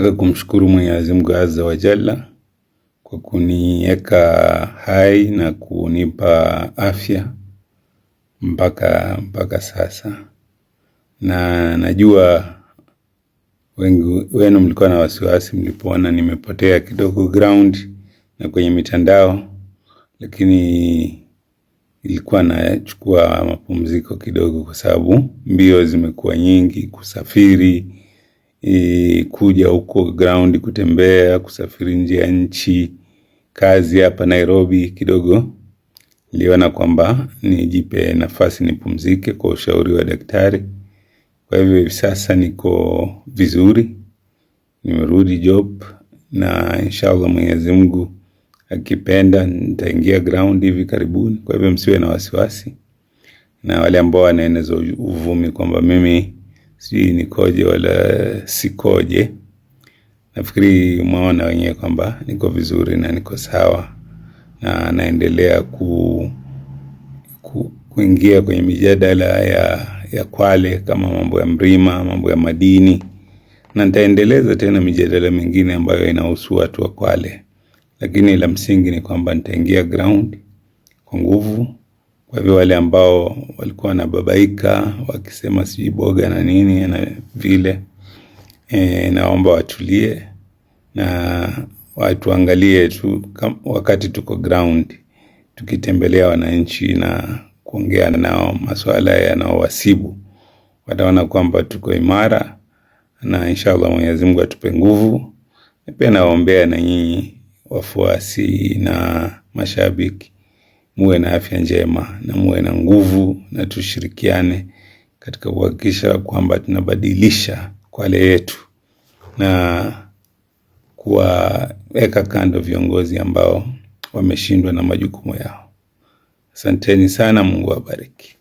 Nataka kumshukuru Mwenyezi Mungu Azza wa Jalla kwa kuniweka hai na kunipa afya mpaka mpaka sasa, na najua wengi wenu mlikuwa na wasiwasi mlipoona nimepotea kidogo ground na kwenye mitandao, lakini ilikuwa nachukua mapumziko kidogo, kwa sababu mbio zimekuwa nyingi, kusafiri kuja huko ground kutembea, kusafiri nje ya nchi, kazi hapa Nairobi kidogo, niliona kwamba nijipe nafasi nipumzike kwa ushauri wa daktari. Kwa hivyo hivi sasa niko vizuri, nimerudi job na inshallah Mwenyezi Mungu akipenda nitaingia ground hivi karibuni. Kwa hivyo msiwe na wasiwasi, na wale ambao wanaeneza uvumi kwamba mimi sijui nikoje wala sikoje. Nafikiri umeona wenyewe kwamba niko vizuri na niko sawa na naendelea ku, ku, kuingia kwenye mijadala ya, ya Kwale kama mambo ya Mrima, mambo ya madini, na nitaendeleza tena mijadala mingine ambayo inahusu watu wa Kwale, lakini la msingi ni kwamba nitaingia ground kwa nguvu kwa hivyo wale ambao walikuwa wanababaika wakisema sijui boga na nini na vile e, naomba watulie na watuangalie tu wakati tuko ground tukitembelea wananchi na kuongea nao masuala yanaowasibu, wataona kwamba tuko imara na inshallah Mwenyezi Mungu atupe nguvu. Pia naombea na nyinyi wafuasi na mashabiki muwe na afya njema na muwe na nguvu, na tushirikiane katika kuhakikisha kwamba tunabadilisha Kwale yetu na kuwaweka kando viongozi ambao wameshindwa na majukumu yao. Asanteni sana, Mungu awabariki.